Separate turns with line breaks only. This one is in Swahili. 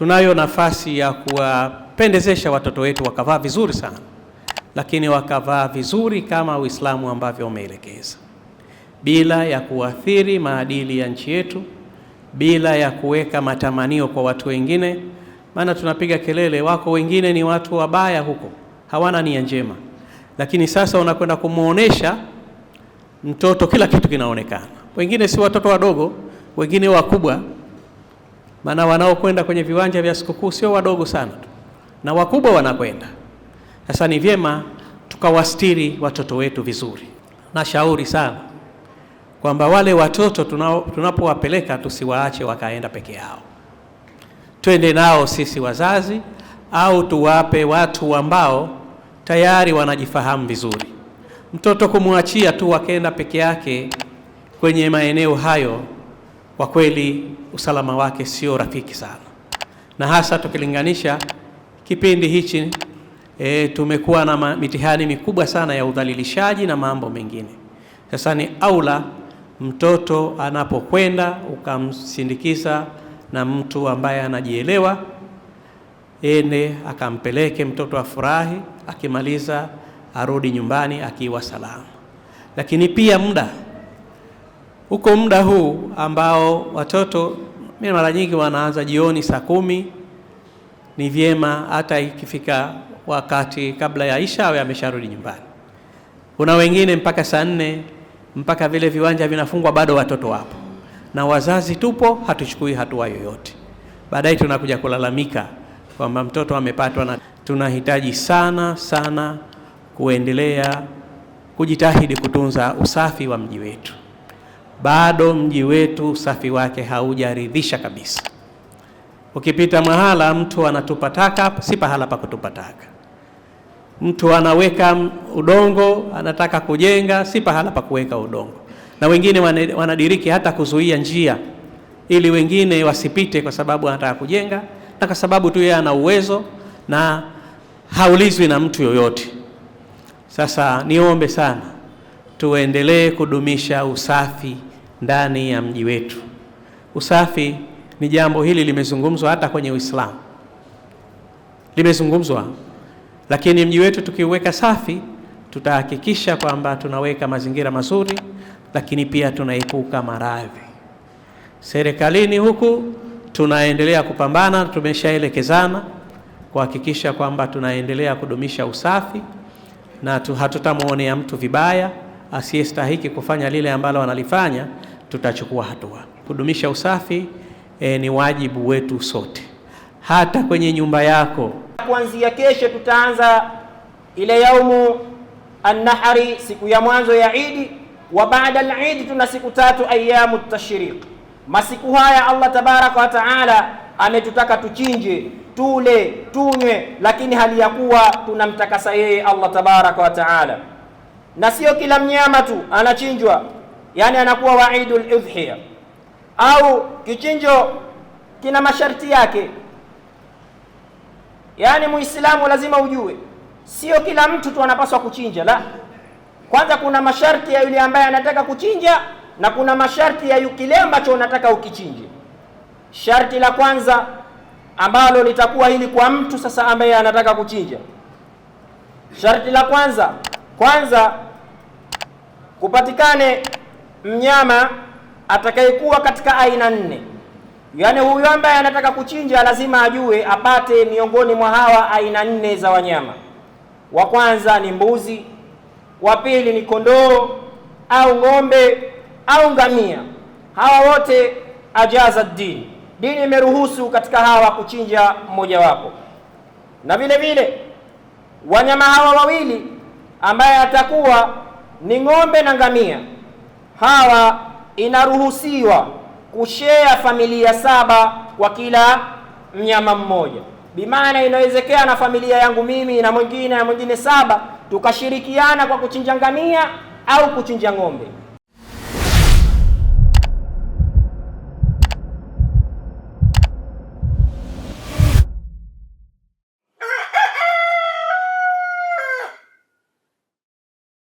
Tunayo nafasi ya kuwapendezesha watoto wetu wakavaa vizuri sana, lakini wakavaa vizuri kama Uislamu ambavyo umeelekeza, bila ya kuathiri maadili ya nchi yetu, bila ya kuweka matamanio kwa watu wengine. Maana tunapiga kelele, wako wengine ni watu wabaya huko, hawana nia njema, lakini sasa unakwenda kumwonyesha mtoto kila kitu kinaonekana. Wengine si watoto wadogo, wengine wakubwa maana wanaokwenda kwenye viwanja vya sikukuu sio wadogo sana tu, na wakubwa wanakwenda. Sasa ni vyema tukawastiri watoto wetu vizuri. Nashauri sana kwamba wale watoto tunapowapeleka tusiwaache wakaenda peke yao, twende nao sisi wazazi, au tuwape watu ambao tayari wanajifahamu vizuri. Mtoto kumwachia tu wakenda peke yake kwenye maeneo hayo kwa kweli usalama wake sio rafiki sana, na hasa tukilinganisha kipindi hichi e, tumekuwa na mitihani mikubwa sana ya udhalilishaji na mambo mengine. Sasa ni aula mtoto anapokwenda ukamsindikiza na mtu ambaye anajielewa, ende akampeleke mtoto afurahi, akimaliza arudi nyumbani akiwa salama, lakini pia muda huko muda huu ambao watoto mara nyingi wanaanza jioni saa kumi, ni vyema hata ikifika wakati kabla ya Isha awe amesharudi nyumbani. Kuna wengine mpaka saa nne, mpaka vile viwanja vinafungwa bado watoto wapo, na wazazi tupo, hatuchukui hatua yoyote. Baadaye tunakuja kulalamika kwamba mtoto amepatwa na. Tunahitaji sana sana kuendelea kujitahidi kutunza usafi wa mji wetu bado mji wetu usafi wake haujaridhisha kabisa. Ukipita mahala mtu anatupa taka, si pahala pa kutupa taka. Mtu anaweka udongo, anataka kujenga, si pahala pa kuweka udongo. Na wengine wanadiriki hata kuzuia njia ili wengine wasipite, kwa sababu anataka kujenga na kwa sababu tu yeye ana uwezo na haulizwi na mtu yoyote. Sasa niombe sana tuendelee kudumisha usafi ndani ya mji wetu. Usafi ni jambo hili limezungumzwa hata kwenye Uislamu limezungumzwa, lakini mji wetu tukiuweka safi, tutahakikisha kwamba tunaweka mazingira mazuri, lakini pia tunaepuka maradhi. Serikalini huku tunaendelea kupambana, tumeshaelekezana kuhakikisha kwamba tunaendelea kudumisha usafi na hatutamwonea mtu vibaya asiyestahiki kufanya lile ambalo analifanya tutachukua hatua. Kudumisha usafi e, ni wajibu wetu sote, hata kwenye nyumba yako.
Kuanzia kesho tutaanza ile yaumu annahari, siku ya mwanzo ya Idi, wa baada al-Idi tuna siku tatu ayamu tashriq. Masiku haya Allah tabaraka wa taala ametutaka tuchinje, tule, tunywe, lakini hali ya kuwa tunamtakasa yeye Allah tabaraka wa taala, na sio kila mnyama tu anachinjwa yani anakuwa waidul udhiya. Au kichinjo kina masharti yake, yani muislamu lazima ujue, sio kila mtu tu anapaswa kuchinja. La, kwanza kuna masharti ya yule ambaye anataka kuchinja na kuna masharti ya kile ambacho unataka ukichinje. Sharti la kwanza ambalo litakuwa hili kwa mtu sasa ambaye anataka kuchinja, sharti la kwanza, kwanza kupatikane mnyama atakayekuwa katika aina nne. Yaani huyu ambaye anataka kuchinja lazima ajue apate miongoni mwa hawa aina nne za wanyama. Wa kwanza ni mbuzi, wa pili ni kondoo au ng'ombe au ngamia. Hawa wote ajaza dini, dini imeruhusu katika hawa kuchinja mmojawapo. Na vile vile wanyama hawa wawili ambaye atakuwa ni ng'ombe na ngamia hawa inaruhusiwa kushea familia saba kwa kila mnyama mmoja, bimaana inawezekana na familia yangu mimi na mwingine na mwingine saba, tukashirikiana kwa kuchinja ngamia au kuchinja ng'ombe.